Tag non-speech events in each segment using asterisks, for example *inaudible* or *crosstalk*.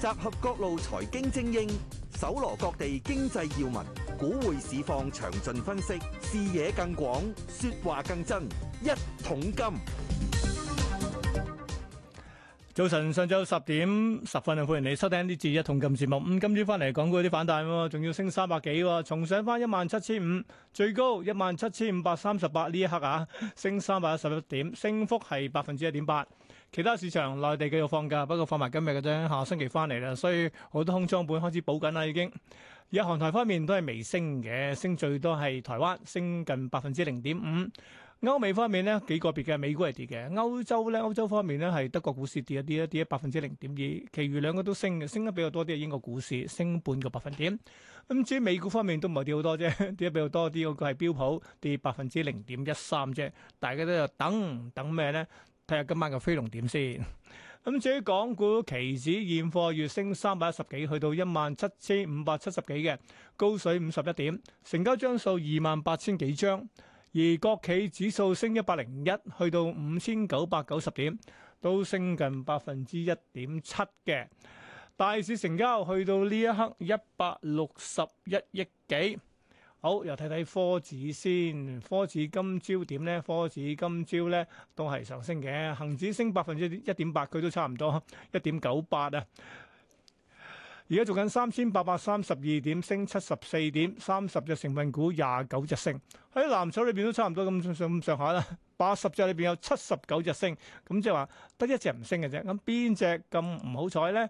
集合各路財經精英，搜羅各地經濟要聞，股匯市況詳盡分析，視野更廣，說話更真。一桶金。早晨，上晝十點十分，歡迎你收聽呢節《一桶金》節目。咁今朝翻嚟講，港股有啲反彈喎，仲要升三百幾喎，重上翻一萬七千五，最高一萬七千五百三十八。呢一刻啊，升三百一十一點，升幅係百分之一點八。其他市場內地繼續放假，不過放埋今日嘅啫，下個星期翻嚟啦，所以好多空倉本開始補緊啦，已經。日韓台方面都係微升嘅，升最多係台灣，升近百分之零點五。歐美方面咧幾個別嘅美股係跌嘅，歐洲咧歐洲方面咧係德國股市跌一啲啦，跌咗百分之零點二，其餘兩個都升嘅，升得比較多啲係英國股市，升半個百分點。咁、嗯、至於美股方面都唔係跌好多啫，跌得比較多啲嘅係標普跌百分之零點一三啫。大家都又等等咩咧？睇下今晚嘅飛龍點先。咁至於港股期指現貨月升三百一十幾，去到一萬七千五百七十幾嘅高水五十一點，成交張數二萬八千幾張。而國企指數升一百零一，去到五千九百九十點，都升近百分之一點七嘅。大市成交去到呢一刻一百六十一億幾。好，又睇睇科指先。科指今朝點呢？科指今朝呢都係上升嘅。恒指升百分之一點八，佢都差唔多一點九八啊。而家做緊三千八百三十二點，升七十四點，三十隻成分股廿九隻升。喺藍籌裏邊都差唔多咁上下啦。八十隻裏邊有七十九隻升，咁即係話得一隻唔升嘅啫。咁邊隻咁唔好彩呢？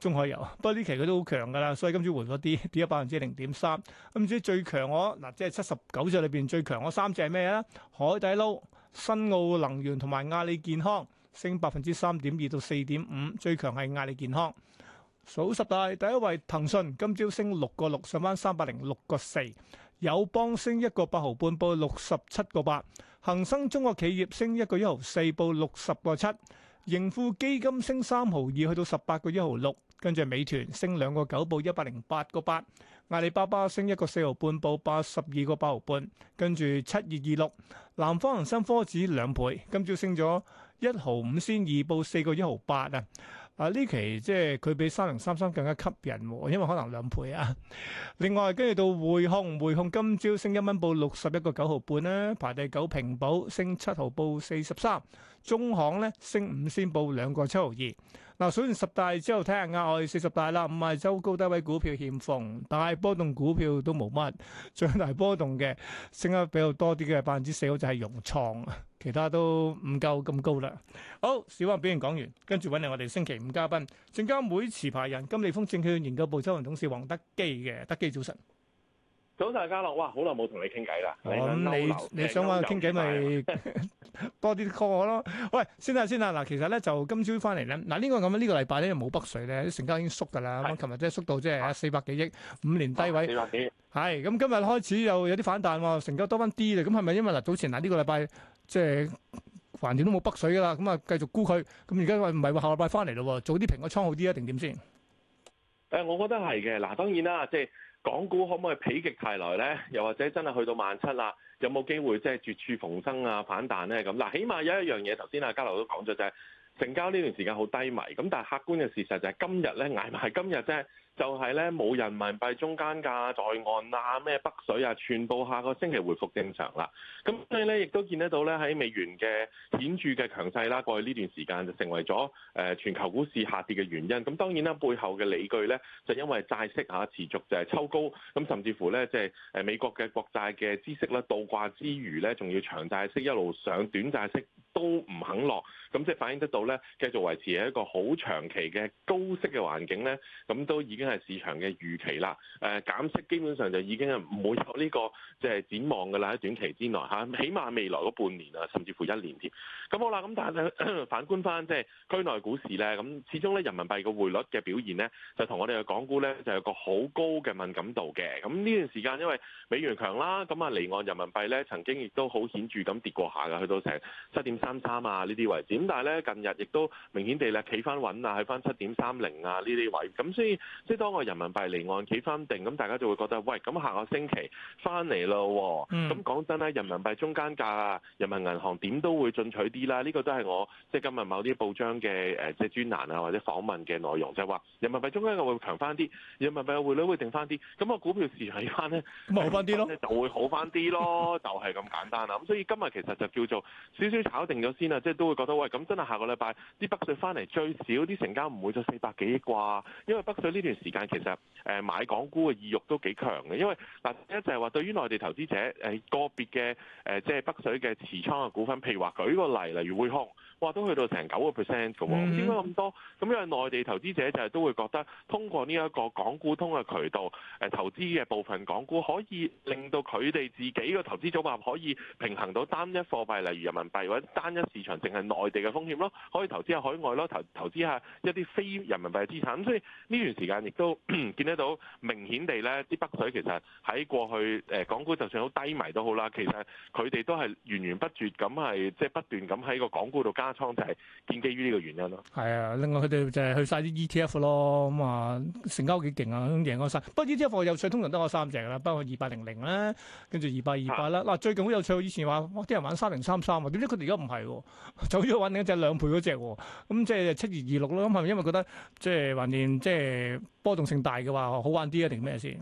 中海油，不過呢期佢都好強㗎啦，所以今朝回咗啲，跌咗百分之零點三。唔知最強我嗱，即係七十九隻裏邊最強我三隻係咩咧？海底撈、新奧能源同埋亞利健康，升百分之三點二到四點五。最強係亞利健康。數十大第一位騰訊，今朝升六個六上翻三百零六個四。友邦升一個八毫半，報六十七個八。恒生中國企業升一個一毫四，報六十個七。盈富基金升三毫二，去到十八個一毫六。跟住美團升兩個九，報一百零八個八；阿里巴巴升一個四毫半，報八十二個八毫半。跟住七二二六，南方恒生科指兩倍，今朝升咗一毫五仙二，二報四個一毫八啊！啊呢期即係佢比三零三三更加吸引，哦，因為可能兩倍啊。另外跟住到匯控，匯控今朝升一蚊，報六十一個九毫半咧，排第九平保升七毫，報四十三。中行咧升五仙報兩個七毫二嗱。數、啊、完十大之後睇下額外四十大啦。五日周高低位股票欠奉大波動，股票都冇乜最大波動嘅升得比較多啲嘅百分之四，好就係融創，其他都唔夠咁高啦。好，小安表現講完，跟住揾嚟我哋星期五嘉賓，證監會持牌人金利豐證券研究部執行董事黃德幾嘅，德幾早晨。早晨，家樂，哇，好耐冇同你傾偈啦。咁你你想揾、嗯、我傾偈咪多啲 call 我咯。喂，先啦，先啦。嗱，其實咧就今朝翻嚟咧，嗱呢、這個咁啊，呢個禮拜咧冇北水咧，成交已經縮噶啦。係是。琴日即係縮到即係四百幾億，五年低位。四百幾。係，咁、嗯、今日開始又有啲反彈喎，成交多翻啲啦，咁係咪因為嗱早前嗱呢、呃這個禮拜即係橫掂都冇北水噶啦，咁啊繼續沽佢，咁而家話唔係話下個禮拜翻嚟咯，早啲平個倉好啲啊，定點先？誒、呃，我覺得係嘅，嗱，當然啦，即、就、係、是。港股可唔可以否極泰來呢？又或者真係去到萬七啦，有冇機會即係絕處逢生啊、反彈呢？咁嗱，起碼有一樣嘢，頭先阿嘉樂都講咗，就係、是、成交呢段時間好低迷。咁但係客觀嘅事實就係、是、今日呢，捱埋今日啫、就是。就係咧，冇人民幣中間價、在岸啊咩、北水啊，全部下個星期回復正常啦。咁所以咧，亦都見得到咧，喺美元嘅顯著嘅強勢啦，過去呢段時間就成為咗誒、呃、全球股市下跌嘅原因。咁當然啦，背後嘅理據咧，就因為債息嚇、啊、持續就係抽高，咁甚至乎咧，即係誒美國嘅國債嘅孳息咧、啊、倒掛之餘咧，仲要長債息一路上，短債息都唔肯落。咁即係反映得到咧，繼續維持喺一個好長期嘅高息嘅環境咧，咁都已經係市場嘅預期啦。誒、呃、減息基本上就已經係唔會有呢個即係展望㗎啦，喺短期之內嚇、啊，起碼未來嗰半年啊，甚至乎一年添。咁好啦，咁但係反觀翻即係區內股市咧，咁始終咧人民幣嘅匯率嘅表現咧，就同我哋嘅港股咧，就有個好高嘅敏感度嘅。咁呢段時間因為美元強啦，咁啊離岸人民幣咧曾經亦都好顯著咁跌過下㗎，去到成七點三三啊呢啲位置。咁但係咧，近日亦都明顯地咧企翻穩，穩啊，喺翻七點三零啊呢啲位。咁所以即係當我人民幣離岸企翻定，咁大家就會覺得喂，咁下個星期翻嚟咯。咁講、嗯、真咧，人民幣中間價、人民銀行點都會進取啲啦。呢、這個都係我即係今日某啲報章嘅誒、呃、即係專欄啊，或者訪問嘅內容，就係、是、話人民幣中間價會強翻啲，人民幣匯率會定翻啲。咁個股票市場係翻咧，咪好翻啲咯，就會好翻啲咯，就係、是、咁簡單啦。咁 *laughs* 所以今日其實就叫做少少炒定咗先啦，即、就、係、是、都會覺得喂。咁真係下個禮拜啲北水翻嚟最少啲成交唔會咗四百幾億啩，因為北水呢段時間其實誒買港股嘅意欲都幾強嘅，因為嗱一就係、是、話對於內地投資者誒個別嘅誒即係北水嘅持倉嘅股份，譬如話舉個例，例如匯控，哇都去到成九個 percent 㗎喎，點解咁多？咁因為內地投資者就係都會覺得通過呢一個港股通嘅渠道誒投資嘅部分港股，可以令到佢哋自己嘅投資組合可以平衡到單一貨幣，例如人民幣或者單一市場淨係內地。嘅風險咯，可以 *noise* 投資下海外咯，投投資下一啲非人民幣嘅資產。咁所以呢段時間亦都見得到明顯地咧，啲北水其實喺過去誒、呃、港股就算好低迷都好啦，其實佢哋都係源源不絕咁係即係不斷咁喺個港股度加倉，就係、是、建基於呢個原因咯。係啊，另外佢哋就係去晒啲 ETF 咯，咁啊成交幾勁啊，都贏開三。不過 ETF 我有通常得我三隻啦，包括二八零零咧，跟住二八二八啦。嗱，最近好有趣，以前話啲人玩三零三三啊，點知佢哋而家唔係喎，走另一隻兩倍嗰隻喎，咁即係七二二六咯。咁係咪因為覺得即係橫掂，即係波動性大嘅話好玩啲啊？定咩先？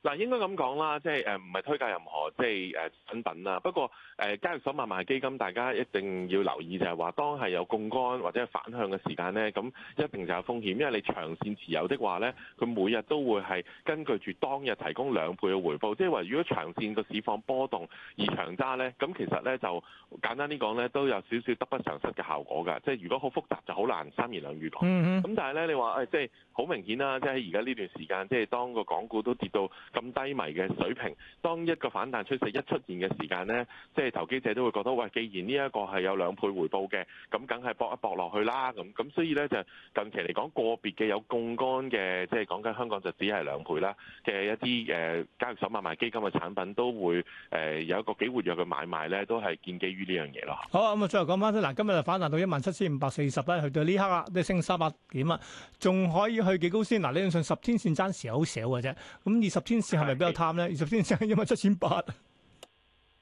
嗱，應該咁講啦，即係誒唔係推介任何即係誒、嗯、產品啦。不過誒，交易所買賣基金，大家一定要留意就係、是、話，當係有槓桿或者反向嘅時間咧，咁一定就有風險，因為你長線持有的話咧，佢每日都會係根據住當日提供兩倍嘅回報。即係話，如果長線個市況波動而長揸咧，咁其實咧就簡單啲講咧，都有少少得不償失嘅效果㗎。即係如果好複雜就，就好難三言兩語講。咁、um, 但係咧，你話誒，即係好明顯啦，即係而家呢段時間，即係當個港股都跌到，咁低迷嘅水平，當一個反彈趨勢一出現嘅時間呢，即係投機者都會覺得，喂，既然呢一個係有兩倍回報嘅，咁梗係搏一搏落去啦，咁咁所以呢，就近期嚟講，個別嘅有槓桿嘅，即係講緊香港就只係兩倍啦嘅一啲誒交易所買賣基金嘅產品都會誒有一個幾活躍嘅買賣呢，都係建基於呢樣嘢咯。好啊，咁、嗯、啊，再講翻啦，嗱，今日就反彈到, 40，到一萬七千五百四十啦，去到呢刻啊，都升三百幾點，仲可以去幾高先？嗱，你相信十天線爭時好少嘅啫，咁二十天。是係咪比較貪咧？二十天線係一萬七千八。 *music* *music*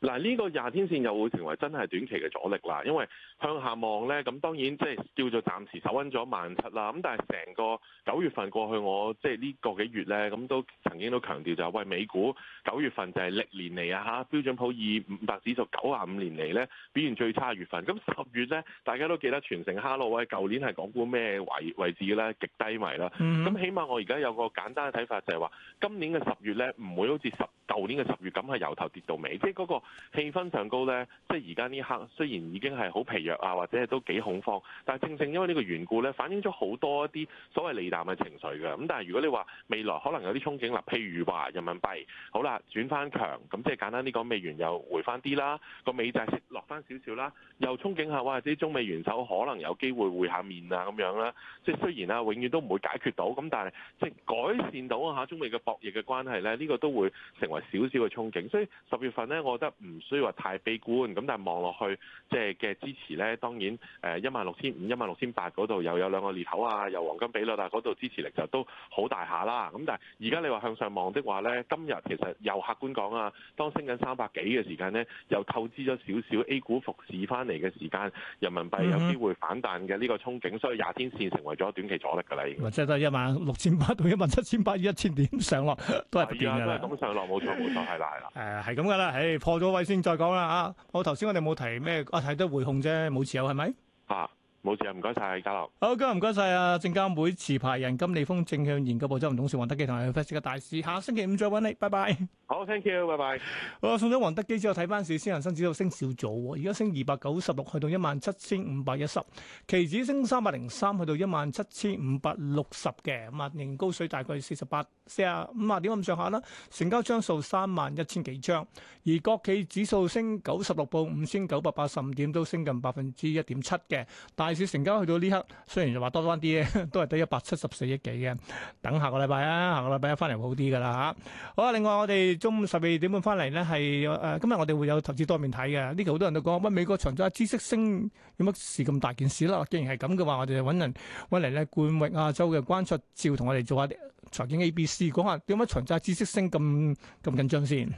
嗱，呢個廿天線又會成為真係短期嘅阻力啦，因為向下望呢，咁當然即係叫做暫時守穩咗萬七啦。咁但係成個九月份過去我，我即係呢個幾月呢，咁都曾經都強調就係、是、喂，美股九月份就係歷年嚟啊嚇標準普爾五百指數九十五年嚟呢，表現最差月份。咁十月呢，大家都記得全城哈囉喂。舊年係港股咩位位置呢？咧？極低迷啦。咁、mm hmm. 起碼我而家有個簡單嘅睇法就係、是、話，今年嘅十月呢，唔會好似十舊年嘅十月咁係由頭跌到尾，即係嗰、那個氣氛上高呢，即係而家呢刻雖然已經係好疲弱啊，或者係都幾恐慌，但係正正因為呢個緣故呢，反映咗好多一啲所謂利淡嘅情緒嘅。咁但係如果你話未來可能有啲憧憬啦、啊，譬如話人民幣好啦轉翻強，咁即係簡單啲講，美元又回翻啲啦，個美債息落翻少少啦，又憧憬下或者中美元首可能有機會會下面啊咁樣啦。即係雖然啊永遠都唔會解決到，咁但係即係改善到啊中美嘅博弈嘅關係呢，呢、呢個都會成為少少嘅憧憬。所以十月份呢，我覺得。唔需要話太悲觀，咁但係望落去，即係嘅支持咧，當然誒一萬六千五、一萬六千八嗰度又有兩個裂口啊，又黃金比率啊，嗰度支持力就都好大下啦。咁但係而家你話向上望的話咧，今日其實又客觀講啊，當升緊三百幾嘅時間咧，又透支咗少少 A 股復市翻嚟嘅時間，人民幣有機會反彈嘅呢個憧憬，所以廿天線成為咗短期阻力㗎啦。或者都係一萬六千八到一萬七千八以一千點上落都係唔變㗎啦。咁上落冇錯，冇錯係啦，係啦。誒係咁㗎啦，唉破咗各位先再講啦吓，我頭先我哋冇提咩，我睇得回控啫，冇持有係咪？啊，冇、啊、持有，唔該晒，嘉樂、啊。謝謝樂好，今日唔該晒啊，證監會持牌人金利豐正向研究部執行董事黃德幾同埋分析嘅大使。下星期五再揾你，拜拜。好，thank you，拜拜。我送咗黃德幾之後睇翻市，先恒生指數升少咗，而家升二百九十六去到一萬七千五百一十，期指升三百零三去到一萬七千五百六十嘅，咁啊年高水大概四十八、四啊五啊點咁上下啦。成交張數三萬一千幾張，而國企指數升九十六報五千九百八十五點，都升近百分之一點七嘅。大市成交去到呢刻，雖然就話多翻啲嘅，都係得一百七十四億幾嘅。等下個禮拜啊，下個禮拜翻嚟會好啲噶啦吓。好啊，另外我哋。中午十二點半翻嚟咧，係誒、呃、今日我哋會有投資多面體嘅。呢期好多人都講，乜美國長咗債息升有乜事咁大件事啦？既然係咁嘅話，我哋就揾人揾嚟咧，冠域亞洲嘅關卓照同我哋做一下啲。財經 ABC 講下點解長債息升咁咁緊張先。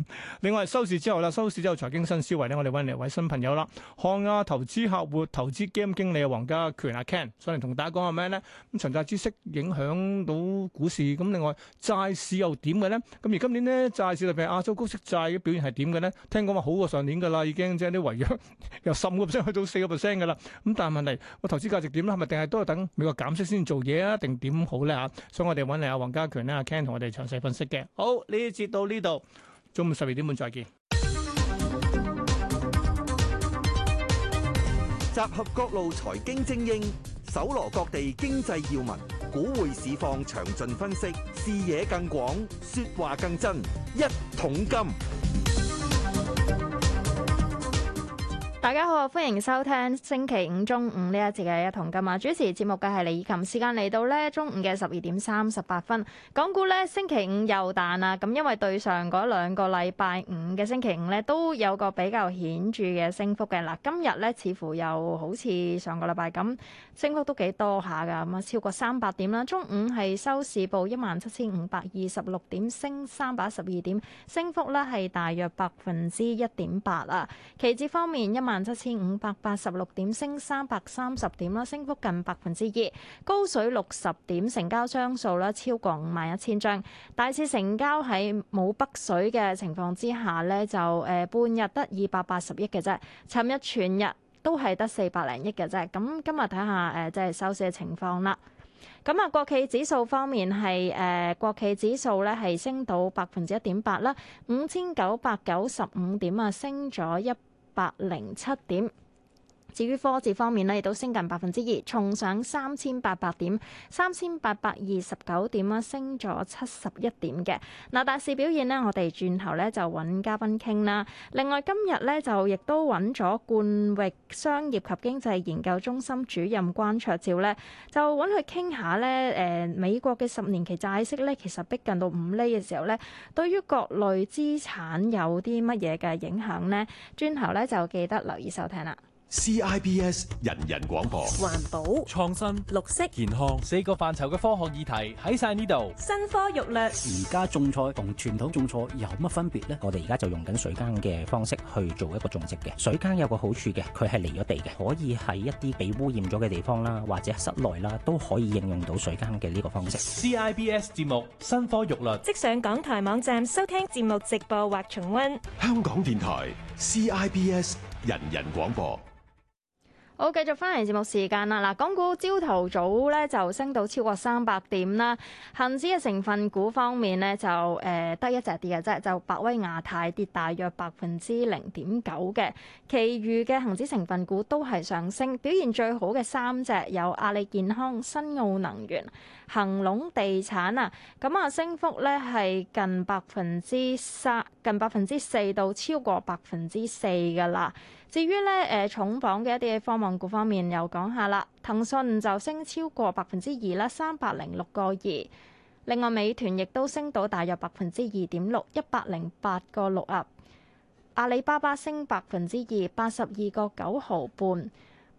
另外收市之後啦，收市之後財經新思維咧，我哋揾嚟一位新朋友啦，瀚亞投資客戶投資經理黃家權啊 Ken 上嚟同大家講下咩咧？咁長債息影響到股市，咁另外債市又點嘅咧？咁而今年咧債市特別亞洲高息債嘅表現係點嘅咧？聽講話好過上年㗎啦，已經即係啲違約由十五個 percent 去到四個 percent 㗎啦。咁但係問題我投資價值點咧？係咪定係都係等美國減息先做嘢啊？定點好咧嚇？所以我哋揾嚟啊黃家。權阿 Ken 同我哋詳細分析嘅。好，呢節到呢度，中午十二點半再見。集合各路財經精英，搜羅各地經濟要聞，股匯市況詳盡分析，視野更廣，說話更真，一桶金。大家好，歡迎收聽星期五中午呢一節嘅一同今啊！主持節目嘅係李琴，時間嚟到咧中午嘅十二點三十八分，港股咧星期五又彈啊！咁因為對上嗰兩個禮拜五嘅星期五咧都有個比較顯著嘅升幅嘅，嗱今日咧似乎又好似上個禮拜咁，升幅都幾多下噶，咁啊超過三百點啦。中午係收市報一萬七千五百二十六點，升三百一十二點，升幅咧係大約百分之一點八啦。期指方面一。萬七千五百八十六點升三百三十點啦，升幅近百分之二，高水六十點，成交張數啦超過五萬一千張，大市成交喺冇北水嘅情況之下呢就誒半日得二百八十億嘅啫。尋日全日都係得四百零億嘅啫。咁今日睇下誒即係收市嘅情況啦。咁啊，國企指數方面係誒國企指數咧係升到百分之一點八啦，五千九百九十五點啊，升咗一。百零七點。至於科技方面咧，亦都升近百分之二，重上三千八百點，三千八百二十九點啦，升咗七十一點嘅嗱。大市表現呢，我哋轉頭咧就揾嘉賓傾啦。另外今日咧就亦都揾咗冠域商業及經濟研究中心主任關卓照咧，就揾佢傾下咧。誒、呃，美國嘅十年期債息咧，其實逼近到五厘嘅時候咧，對於各類資產有啲乜嘢嘅影響呢？轉頭咧就記得留意收聽啦。CIBS 人人廣播，環保創新、綠色健康四個範疇嘅科學議題喺晒呢度。新科育略。而家種菜同傳統種菜有乜分別呢？我哋而家就用緊水耕嘅方式去做一個種植嘅。水耕有個好處嘅，佢係離咗地嘅，可以喺一啲被污染咗嘅地方啦，或者室內啦，都可以應用到水耕嘅呢個方式。CIBS 節目新科育略，即上港台網站收聽節目直播或重溫。香港電台 CIBS 人人廣播。好，繼續翻嚟節目時間啦！嗱，港股朝頭早咧就升到超過三百點啦。恒指嘅成分股方面咧就誒得一隻跌嘅啫，就百威亞太跌大約百分之零點九嘅，其餘嘅恒指成分股都係上升，表現最好嘅三隻有阿里健康、新奧能源。恒隆地產啊，咁啊升幅咧係近百分之三，近百分之四到超過百分之四嘅啦。至於咧誒、呃、重磅嘅一啲科網股方面又講下啦，騰訊就升超過百分之二啦，三百零六個二。另外，美團亦都升到大約百分之二點六，一百零八個六啊。阿里巴巴升百分之二，八十二個九毫半。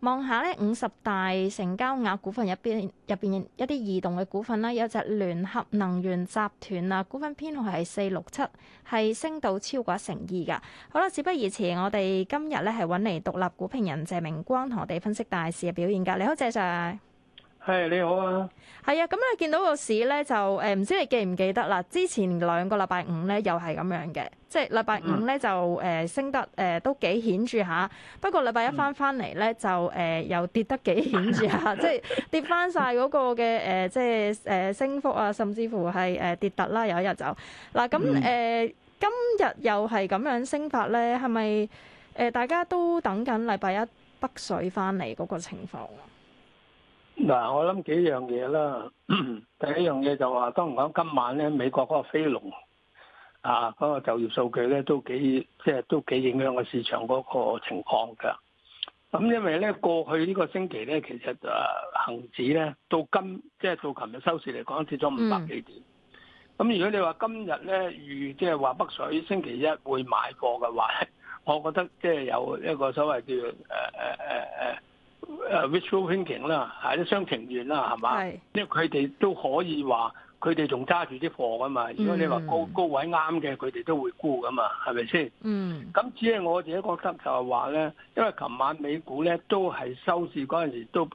望下咧五十大成交額股份入邊，入邊一啲異動嘅股份啦，有隻聯合能源集團啊，股份編號係四六七，係升到超過一成二嘅。好啦，事不宜遲，我哋今日咧係揾嚟獨立股評人謝明光同我哋分析大市嘅表現㗎。你好，謝 Sir。係、hey, 你好啊，係啊，咁你見到個市咧就誒，唔知你記唔記得啦？之前兩個禮拜五咧又係咁樣嘅，即係禮拜五咧就誒、呃、升得誒、呃、都幾顯著下，不過禮拜一翻翻嚟咧就誒、呃、又跌得幾顯著下 *laughs* 即係跌翻晒嗰個嘅誒、呃、即係誒、呃、升幅啊，甚至乎係誒、呃、跌突啦。有一日就嗱咁誒，今日又係咁樣升法咧，係咪誒大家都等緊禮拜一北水翻嚟嗰個情況？嗱，我諗幾樣嘢啦。 *coughs* 第一樣嘢就話、是，當然講今晚咧，美國嗰個非農啊，嗰、那個就業數據咧都幾，即係都幾影響個市場嗰個情況嘅。咁因為咧，過去呢個星期咧，其實誒、啊、恆指咧到今，即係到琴日收市嚟講跌咗五百幾點。咁、嗯、如果你話今日咧預即係話北水星期一會買貨嘅話咧，我覺得即係有一個所謂叫做誒誒誒誒，Visual Thinking 啦，係啲雙情願啦，係嘛？是因為佢哋都可以話，佢哋仲揸住啲貨噶嘛。Mm. 如果你話高高位啱嘅，佢哋都會沽噶嘛，係咪先？嗯，咁只係我自己覺得就係話咧，因為琴晚美股咧都係收市嗰陣時都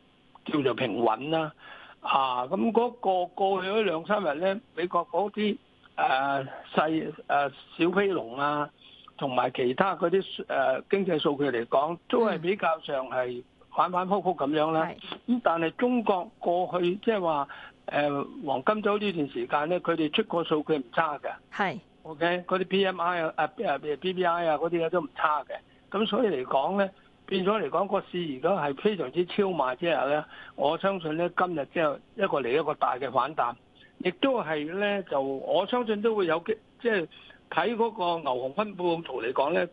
叫做平穩啦。啊，咁嗰個過去嗰兩三日咧，美國嗰啲誒細誒、呃、小非農啊，同埋其他嗰啲誒經濟數據嚟講，都係比較上係，反反覆覆咁樣啦，咁是但係中國過去即係話誒黃金周呢段時間咧，佢哋出個數據唔差嘅，係是 OK 嗰啲 PMI 啊、誒誒 BBI 啊嗰啲咧都唔差嘅。咁所以嚟講咧，變咗嚟講個市而家係非常之超賣，即係咧，我相信咧今日之後一個嚟一個大嘅反彈，亦都係咧就我相信都會有即係睇嗰個牛熊分佈圖嚟講咧，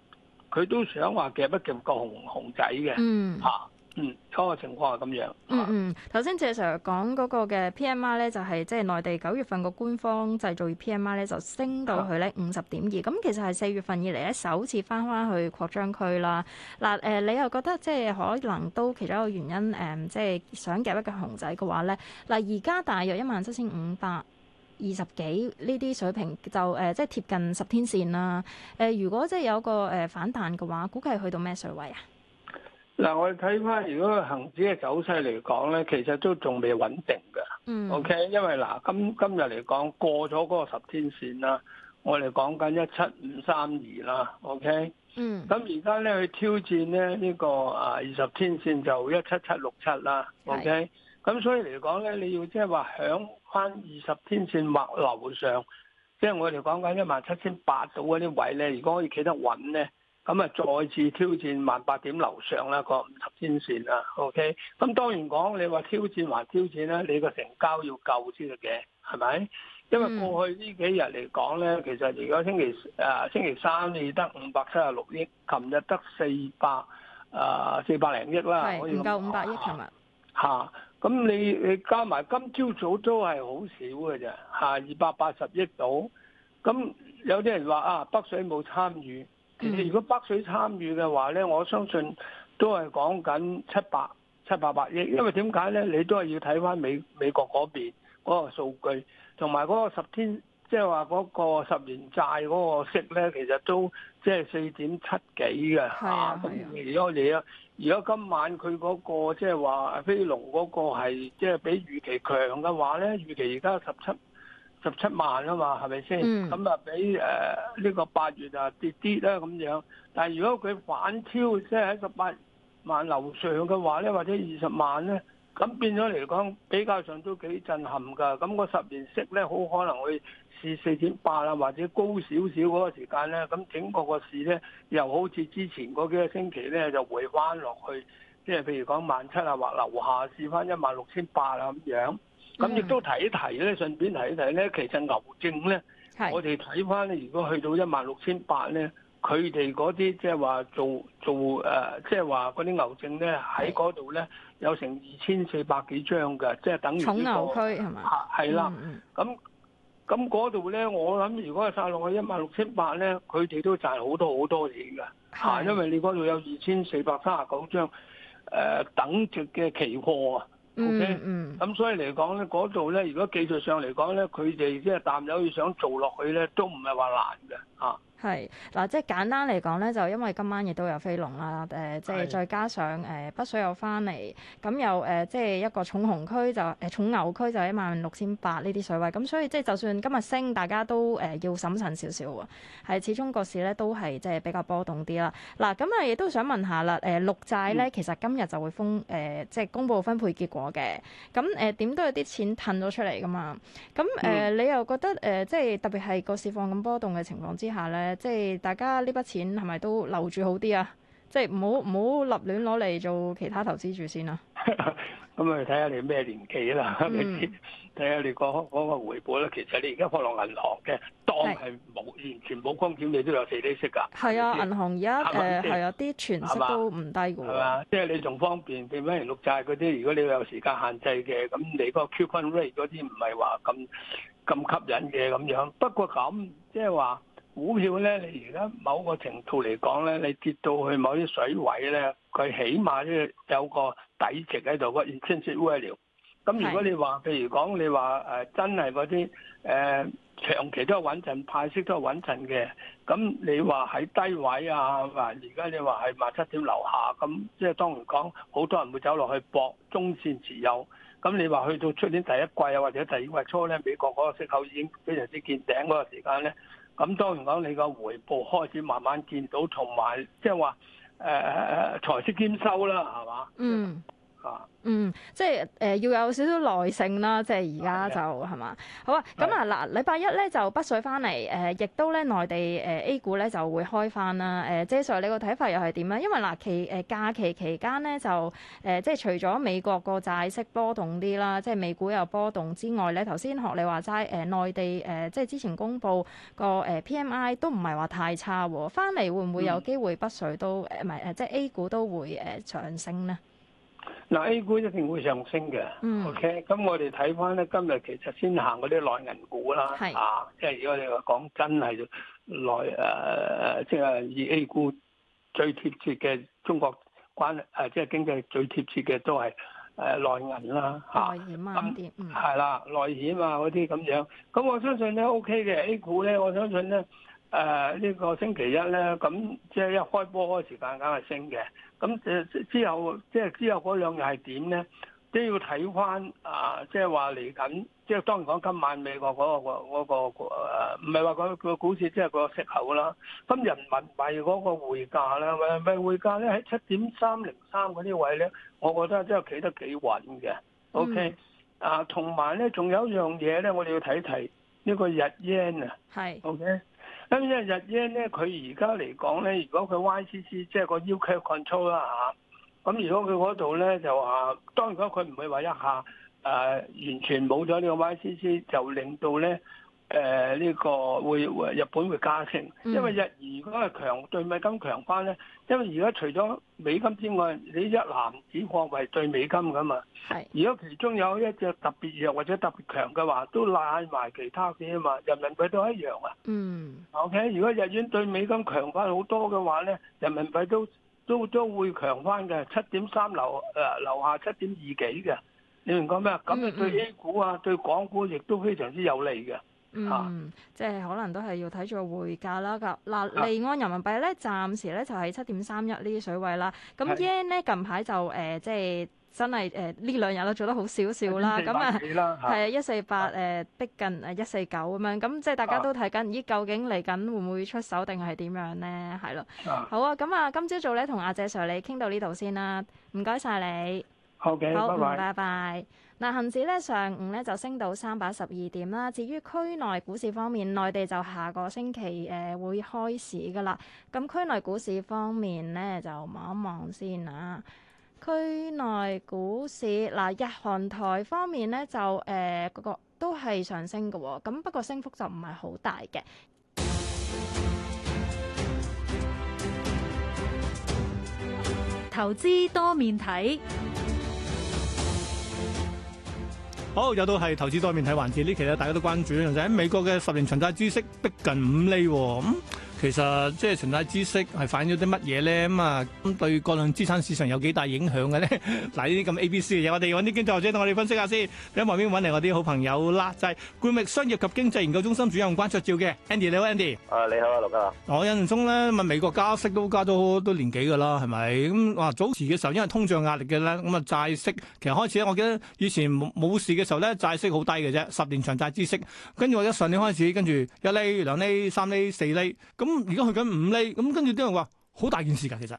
佢都想話夾乜夾個熊熊仔嘅，嚇、嗯。啊嗯，初嘅情況係咁樣。嗯嗯，頭、嗯、先謝 Sir 講嗰個嘅 PMI 咧，就係即係內地九月份個官方製造業 PMI 咧，就升到去咧五十點二。咁、啊、其實係四月份以嚟咧首次翻翻去擴張區啦。嗱誒、呃，你又覺得即係可能都其中一個原因誒，即、嗯、係、就是、想夾一腳熊仔嘅話咧，嗱而家大約一萬七千五百二十幾呢啲水平就誒，即、呃、係、就是、貼近十天線啦。誒、呃，如果即係有個誒反彈嘅話，估計係去到咩水位啊？嗱，我哋睇翻如果個恆指嘅走勢嚟講咧，其實都仲未穩定嘅。嗯。O、okay? K，因為嗱，今今日嚟講過咗嗰個十天線啦，我哋講緊一七五三二啦。O K。嗯。咁而家咧去挑戰咧呢、這個啊二十天線就一七七六七啦。O、okay? K 是。咁所以嚟講咧，你要即係話響翻二十天線或樓上，即係我哋講緊一萬七千八到嗰啲位咧，如果可以企得穩咧。咁啊，再次挑戰萬八點樓上啦，個五十天線啦，OK。咁當然講，你話挑戰還挑戰啦，你個成交要夠先得嘅，係咪？因為過去呢幾日嚟講咧，嗯、其實如果星期啊星期三你得五百七十六億，琴日得四百啊四百零億啦，是可以唔夠五百億。琴日吓，咁你你加埋今朝早都係好少嘅啫，嚇二百八十億度。咁有啲人話啊，北水冇參與。嗯、如果北水參與嘅話咧，我相信都係講緊七百七百八億，因為點解咧？你都係要睇翻美美國嗰邊嗰個數據，同埋嗰個十天，即係話嗰個十年債嗰個息咧，其實都即係四點七幾嘅嚇，咁而家你啊，如果、啊啊、今晚佢嗰、嗰個即係話非農嗰個係即係比預期強嘅話咧，預期而家十七。十七萬啊嘛，係咪先？咁啊、嗯，俾誒呢個八月啊跌啲啦咁樣。但係如果佢反超，即係喺十八萬樓上嘅話咧，或者二十萬咧，咁變咗嚟講比較上都幾震撼㗎。咁、嗰個十年息咧，好可能會試四點八啊，或者高少少嗰個時間咧。咁整個個市咧，又好似之前嗰幾個星期咧，就回翻落去，即係譬如講萬七啊或樓下試翻一萬六千八啊咁樣。咁亦、嗯、都提一提咧，順便提一提咧，其實牛證咧，是我哋睇翻，如果去到一萬六千八咧，佢哋嗰啲即係話做做誒，即係話嗰啲牛證咧喺嗰度咧，有成二千四百幾張嘅，即係等於、那個、重牛區係咪？係、啊、啦，咁咁嗰度咧，我諗如果係殺落去一萬六千八咧，佢哋都賺好多好多嘢㗎，嚇是，因為你嗰度有二千四百三十九張誒、呃、等值嘅期貨啊！O K，嗯，咁所以嚟講咧，嗰度咧，如果技術上嚟講咧，佢哋即係淡友，要想做落去咧，都唔係話難嘅吓。係嗱，即係簡單嚟講咧，就因為今晚亦都有飛龍啦，誒對，即係、呃、再加上誒北水又翻嚟，咁又誒，即係一個重紅區就誒、呃、重牛區就一萬六千八呢啲水位，咁所以即係就算今日升，大家都誒要審慎少少喎。係，始終個市咧都係即係比較波動啲啦。嗱，咁啊亦都想問下啦，誒六債咧其實今日就會封誒，即、呃、係公佈分配結果嘅，咁誒點都有啲錢褪咗出嚟㗎嘛。咁誒、嗯、你又覺得誒，即、呃、係特別係個市況咁波動嘅情況之下咧？即係大家呢筆錢係咪都留住好啲啊？即係唔好唔好立亂攞嚟做其他投資住先啊！咁咪睇下你咩年紀啦，睇下、嗯、你嗰嗰個回報咧。其實你而家放落銀行嘅，當係冇的完全冇風險，你都有四厘息㗎。係啊的，銀行而家誒係有啲存息都唔低㗎。係嘛，即、就、係、是、你仲方便，幾蚊銀綠債嗰啲，如果你有時間限制嘅，咁你嗰個 coupon rate 嗰啲唔係話咁咁吸引嘅咁樣。不過咁即係話。就是股票咧，你而家某個程度嚟講咧，你跌到去某啲水位咧，佢起碼咧有個底值喺度，屈而穿脫不了。咁如果你話譬如講，你話誒真係嗰啲誒長期都係穩陣，派息都係穩陣嘅，咁你話喺低位啊，嗱而家你話係萬七點樓下，咁即係當然講，好多人會走落去搏中線持有。咁你話去到出年第一季啊，或者第二季初咧，美國嗰個息口已經非常之見頂嗰個時間咧。咁當然講你個回報開始慢慢見到，同埋即係話誒，誒，誒財色兼收啦，係嘛？嗯。嗯，即係誒、呃，要有少少耐性啦。即係而家就係嘛、啊，好啊。咁啊嗱，禮拜、嗯、一咧就北水翻嚟誒，亦都咧內地誒 A 股咧就會開翻啦。誒、呃、，Jason，你個睇法又係點咧？因為嗱、呃、期誒、呃、假期期間咧就誒、呃，即係除咗美國個債息波動啲啦，即係美股又波動之外咧，頭先學你話齋誒，內、呃、地誒、呃，即係之前公布個誒 PMI 都唔係話太差，翻嚟會唔會有機會北水都誒唔係誒，嗯、即係 A 股都會誒上升咧？嗱 A 股一定會上升嘅、嗯、，OK，咁我哋睇翻咧，今日其實先行嗰啲內銀股啦，係啊，即係如果你話講真係內誒，即係以 A 股最貼切嘅中國關係誒、啊，即係經濟最貼切嘅都係誒、啊、內銀啦嚇，內險啊，咁啲，係啦，內險啊嗰啲咁樣，咁我相信咧 OK 嘅 A 股咧，我相信咧誒呢、呃呢個星期一咧，咁即係一開波嗰時間，梗係升嘅。咁誒之後，即係之後嗰兩日係點咧？都要睇返啊！即係話嚟緊，即、就、係、是、當然講今晚美國嗰、那個嗰唔係話個股市即係、就是、個息口啦。咁人民幣嗰個匯價咧，咪匯價咧喺七點三零三嗰啲位咧，我覺得真係企得幾穩嘅。OK，啊、嗯，同埋咧，仲有一樣嘢咧，我哋要睇睇呢個日 yen 啊，係是 OK。咁因為日圓咧，佢而家嚟講咧，如果佢 YCC 即係個 yield curve control 啦嚇，咁如果佢嗰度咧就話，當然講佢唔會話一下誒、呃、完全冇咗呢個 YCC，就令到咧。誒呢、呃這個會日本會加息、嗯，因為日元如果係強對美金強翻咧，因為而家除咗美金之外，你一籃子貨幣對美金噶嘛，係是。如果其中有一隻特別弱或者特別強嘅話，都拉埋其他嘅嘛，人民幣都一樣啊。嗯。O、okay? K，如果日元對美金強翻好多嘅話咧，人民幣都都都會強翻嘅，七點三流誒，留、呃、下七點二幾嘅。你明講咩？咁啊對 A 股啊，對港股亦都非常之有利嘅。嗯，即係可能都係要睇住個匯價啦。嗱，離岸人民幣咧，暫時咧就喺七點三一呢啲水位啦。咁 yen 咧近排就誒，即係真係誒呢兩日都做得好少少啦。咁啊，係啊，一四八誒逼近誒一四九咁樣。咁即係大家都睇緊，咦？究竟嚟緊會唔會出手定係點樣咧？係咯。好啊，咁啊，今朝早咧同阿謝 Sir 你傾到呢度先啦。唔該晒你。好嘅，拜拜。拜拜。嗱，恆指咧上午咧就升到三百一十二點啦。至於區內股市方面，內地就下個星期誒、呃、會開市噶啦。咁區內股市方面咧就望一望先啦。區內股市嗱、呃，日韓台方面咧就誒嗰、呃、個都係上升嘅、哦，咁不過升幅就唔係好大嘅。投資多面體。好，又到係投資多面體環節，期呢期咧大家都關注，尤其喺美國嘅十年長債孳息逼近五厘喎、哦、咁。其實即係存貸孳息係反映咗啲乜嘢咧？咁、嗯、啊，對各類資產市場有幾大影響嘅咧？嗱，呢啲咁 A、B、C，嘅嘢，我哋揾啲經濟學者同我哋分析下先。喺外邊揾嚟我啲好朋友啦，就係冠域商業及經濟研究中心主任關卓照嘅 Andy，你好 Andy。啊，你好啊，盧我、哦、印象中咧，咪美國加息都加咗好多年幾噶啦，係咪？咁、嗯、啊、嗯，早時嘅時候因為通脹壓力嘅咧，咁、嗯、啊債息其實開始咧，我記得以前冇事嘅時候咧，債息好低嘅啫，十年長債孳息。跟住我一上年開始，跟住一厘、兩厘、三厘、四厘，咁。而家去緊五厘，咁跟住啲人話好大件事噶，其實，誒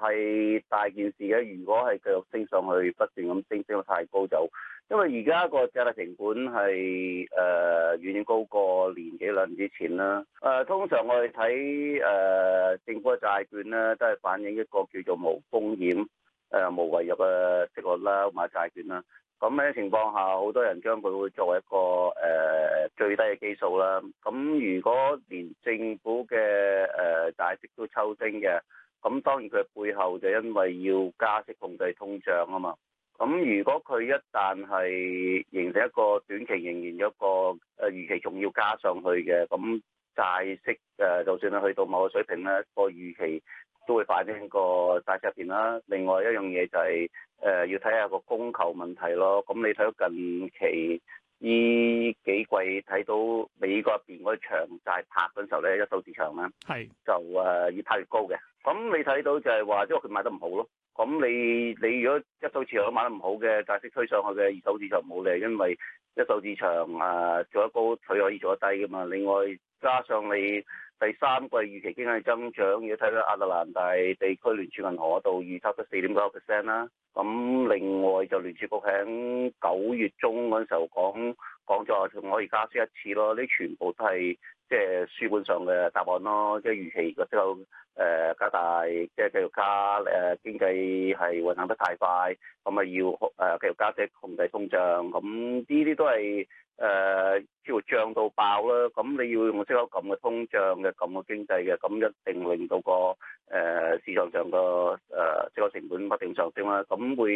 係、呃、大件事嘅。如果係繼續升上去，不斷咁升，升得太高就，因為而家個借貸成本係誒遠遠高過年幾兩之前啦。誒、呃，通常我哋睇誒政府嘅債券咧，都係反映一個叫做無風險誒、呃、無違約嘅息率啦，買債券啦。咁呢啲情況下，好多人將佢會作為一個誒、呃、最低嘅基數啦。咁如果連政府嘅誒、呃、債息都抽升嘅，咁當然佢背後就因為要加息控制通脹啊嘛。咁如果佢一旦係形成一個短期仍然有一個誒預期，仲要加上去嘅，咁債息誒、呃、就算係去到某個水平咧，個預期。都會反映個大隻入邊啦。另外一樣嘢就係、是、誒、呃、要睇下個供求問題咯。咁、嗯、你睇到近期呢幾季睇到美國入邊嗰個長債拍嗰陣時候咧，一手市場咧係就誒、呃、越拍越高嘅。咁、嗯、你睇到就係話即係佢賣得唔好咯。咁、嗯、你你如果一手市場都賣得唔好嘅，債息推上去嘅二手市場唔好嘅，因為一手市場啊做一高，佢可以做一低噶嘛。另外加上你。第三季預期經濟增長，要睇到亞特蘭大地區聯儲銀行嗰度預測得四點九個 percent 啦。咁另外就聯儲局喺九月中嗰陣時候講講咗，我而家先一次咯。呢全部都係即係書本上嘅答案咯。即係預期個息口誒、呃、加大，即係繼續加誒，經濟係運行得太快，咁啊要誒、呃、繼續加息控制通脹。咁呢啲都係誒。呃似乎漲到爆啦，咁你要用即係咁嘅通脹嘅，咁嘅經濟嘅，咁一定令到個誒市場上個誒即係個成本不斷上升啦，咁會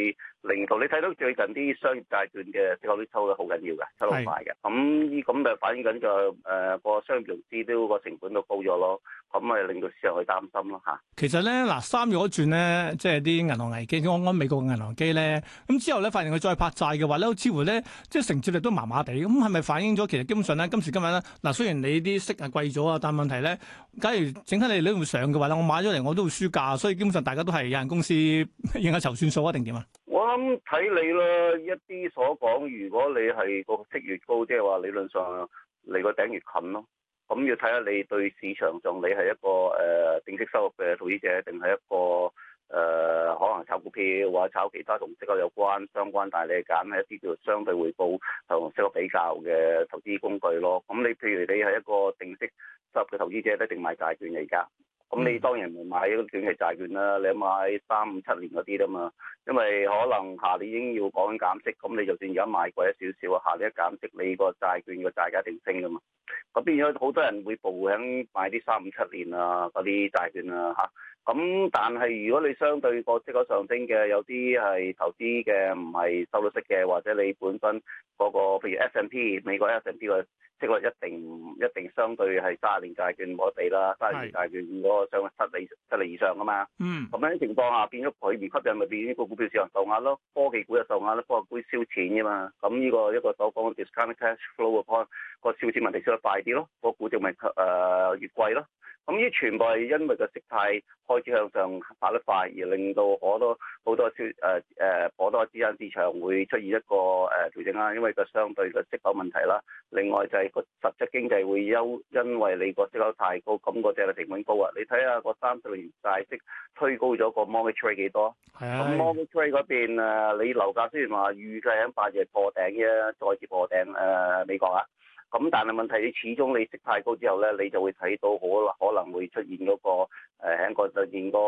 令到你睇到最近啲商業債券嘅即扣都抽得好緊要嘅，抽得好快嘅，咁依咁就反映緊個誒個商業資都個成本都高咗咯，咁咪令到市場去擔心咯嚇。啊、其實咧嗱，三月嗰轉咧，即係啲銀行危機，我安，安美國嘅銀行機咧，咁之後咧發現佢再拍債嘅話咧，似乎咧即係承接力都麻麻地，咁係咪反映咗其？基本上咧，今時今日咧，嗱雖然你啲息係貴咗啊，但問題咧，假如整體你都會上嘅話咧，我買咗嚟我都會輸價，所以基本上大家都係有限公司應該籌算數啊，定點啊？我諗睇你啦，一啲所講，如果你係個息越高，即係話理論上離個頂越近咯，咁要睇下你對市場上你係一個誒定息收入嘅投資者，定係一個？誒、呃，可能炒股票或者炒其他同息口有關相關，但係你揀一啲叫相對回報同息口比較嘅投資工具咯。咁你譬如你係一個定息收入嘅投資者，一定買債券嚟㗎。咁你當然唔買嗰短期債券啦，你買三五七年嗰啲啦嘛。因為可能下年已經要講緊減息，咁你就算而家買貴一少少，下年一減息，你個債券個債價定升噶嘛。咁變咗好多人會搏響買啲三五七年啊嗰啲債券啊嚇。咁但係如果你相對個息率上升嘅，有啲係投資嘅唔係收息息嘅，或者你本身嗰、那個譬如 S and P 美國 S and P 個息率一定一定相對係三十年債券冇得比啦，三十年債券嗰個相對七厘七厘以上啊嘛。嗯是。咁呢情況下，變咗佢唔吸引，咪變呢個股票市場受壓咯，科技股又受壓咯，科技股,股燒錢啊嘛。咁呢、這個一、這個所講 discount cash flow 嘅話，個燒錢問題燒得快啲咯，那個股票咪誒越貴咯。咁呢全部係因為個息差開始向上爬得快，而令到好多好多説誒好多資產市場會出現一個誒、呃、調整啦、啊。因為個相對個息口問題啦、啊，另外就係個實質經濟會憂，因為你個息口太高，咁個借嘅成本高啊。你睇下個三十年債息推高咗個 mortgage rate 幾多？係啊，mortgage rate 嗰邊，你樓價雖然話預計喺八月破頂啫，再次破頂誒美國啊。咁但係問題，你始終你息太高之後咧，你就會睇到可可能會出現嗰、那個誒喺個出現個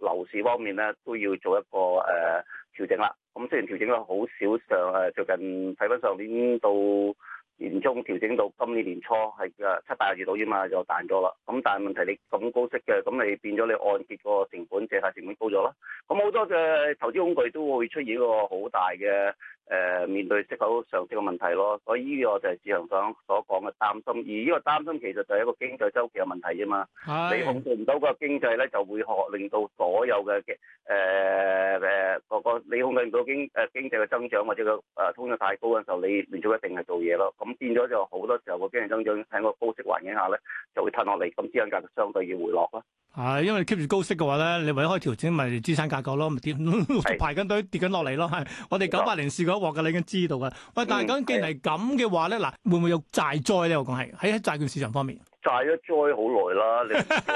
樓市方面咧，都要做一個誒、呃、調整啦。咁、嗯、雖然調整咗好少上誒，最近睇翻上年到。年中調整到今年年初係嘅七八月度啫嘛，就彈咗啦。咁但係問題，你咁高息嘅，咁你變咗你按揭個成本、借貸成本高咗咯。咁好多嘅投資工具都會出現一個好大嘅誒、呃、面對息口上升嘅問題咯。所以呢個就係市場上所講嘅擔心。而呢個擔心其實就係一個經濟周期嘅問題啫嘛。是你控制唔到個經濟咧，就會令到所有嘅誒誒個個你控制唔到經誒經濟嘅增長或者個誒、呃、通脹太高嘅時候，你連續一定係做嘢咯。咁變咗就好多時候個經濟增長喺個高息環境下咧就會褪落嚟，咁資產價值相對要回落啦。係，因為 keep 住高息嘅話咧，你為咗調整咪資產結構咯，咪跌排緊隊跌緊落嚟咯。係的，的我哋九八年試過一鑊噶，你已經知道噶。喂，但係咁既然係咁嘅話咧，嗱的，會唔會有債災咧？我講係喺債券市場方面。曬咗災好耐啦，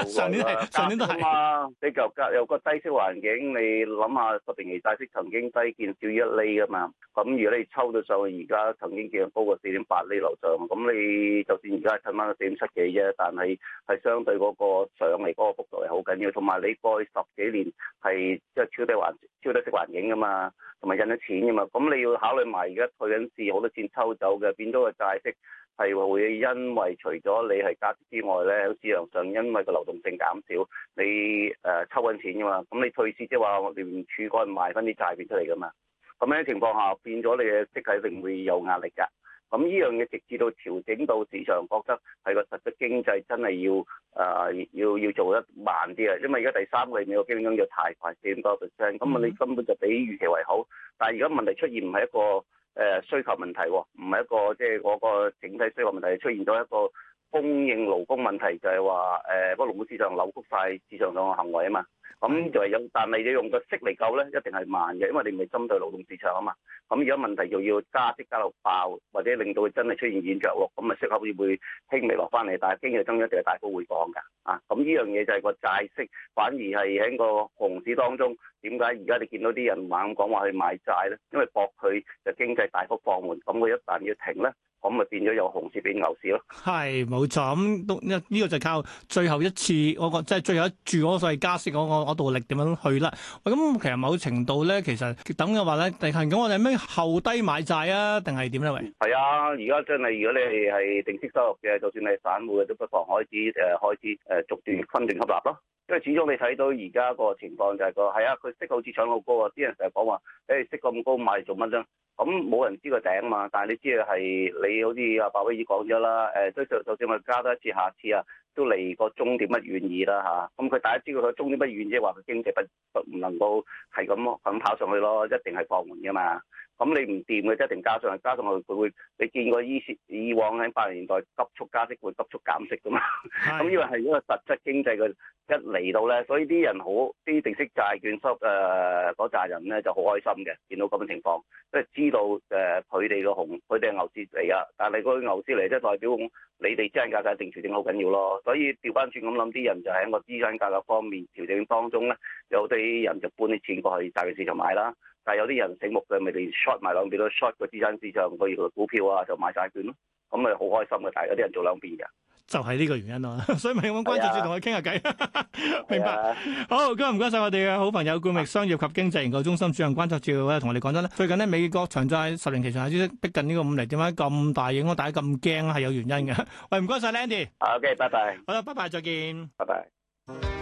上年係， *laughs* 上年都係嘛？你就隔有個低息環境，你諗下十年期債息曾經低見少於一厘㗎嘛。咁如果你抽到上去，而家曾經見到高過四點八厘樓上，咁你就算而家係睇翻得四點七幾啫，但係係相對嗰個上嚟嗰個幅度係好緊要。同埋你過去十幾年係即係超低環超低息環境㗎嘛，同埋印咗錢㗎嘛，咁你要考慮埋而家退緊市好多錢抽走嘅，變咗個債息。係會因為除咗你係加息之外咧，喺市場上因為個流動性減少，你誒抽緊錢噶嘛，咁你退市即係話聯儲局賣翻啲債券出嚟噶嘛，咁樣情況下變咗你嘅即係性會有壓力㗎。咁呢樣嘢直至到調整到市場覺得係個實質經濟真係要誒、呃、要要做得慢啲啊，因為而家第三季美國基本增長太快四點多 percent，咁啊你根本就比預期為好。但係而家問題出現唔係一個。誒、呃、需求問題、哦，唔係一個即係、就是、我個整體需求問題，出現咗一個供應勞工問題，就係話誒，嗰、呃那個勞工市場扭曲晒市場上嘅行為啊嘛。咁就係有，嗯、但係你用個息嚟救咧，一定係慢嘅，因為你唔係針對勞動市場啊嘛。咁而家問題就要加息加到爆，或者令到佢真係出現現着喎。咁啊息口會會輕微落翻嚟，但係經濟增長一定係大幅會降㗎。啊，咁呢樣嘢就係個債息反而係喺個熊市當中，點解而家你見到啲人猛講話去買債咧？因為博佢就經濟大幅放緩，咁佢一旦要停咧。我咁咪變咗由熊市變牛市咯，係冇錯，咁都呢呢個，就靠最後一次，我覺即係、就是、最後一注，我再加息嗰個嗰道力點樣去啦？咁其實某程度咧，其實等嘅話咧，最近咁我哋咩後低買債啊，定係點咧？喂，係啊！而家真係如果你係定息收入嘅，就算係散戶，都不妨開始誒、呃、開始誒、呃、逐段分段吸納咯。因為始終你睇到而家個情況就係個係啊，佢息好似搶到高啊！啲人成日講話誒息咁高買做乜啫？咁冇人知個頂啊嘛，但係你知係你好似阿鮑威爾講咗啦，誒，都就就算佢加多一次，下次啊，都離個終點乜願意啦吓，咁佢大家知道佢個終點乜願意，即話佢經濟不不唔能夠係咁咁跑上去咯，一定係放緩嘅嘛。咁你唔掂嘅，一定加上，加上佢佢會，會，你見過以以往喺八零年代急速加息會急速減息噶嘛，咁呢個係一個實質經濟嘅一嚟到咧，所以啲人好，啲定息債券收誒嗰扎人咧就好開心嘅，見到咁嘅情況，即係知道誒佢哋個熊，佢哋係牛市嚟噶，但係嗰個牛市嚟即係代表你哋資產價格一定調整好緊要咯，所以掉返轉咁諗，啲人就喺個資產價格方面調整當中咧，有啲人就搬啲錢過去債券市場買啦。但係有啲人醒目嘅，咪連 short 埋兩邊都 short 個資產市場，譬如股票啊，就買債券咯，咁咪好開心嘅。但係有啲人做兩邊嘅，就係呢個原因咯。所以咪咁關注住同佢傾下偈， *laughs* 明白？哎、呀好，今日唔該晒我哋嘅好朋友冠域商業及經濟研究中心主任關焯照同我哋講真咧，最近呢美國長債十年期長債息逼近呢個五厘，點解咁大影響？我大家咁驚係有原因嘅。喂，唔該晒，Andy l。好嘅、okay，拜拜。好，拜拜，再見。拜拜。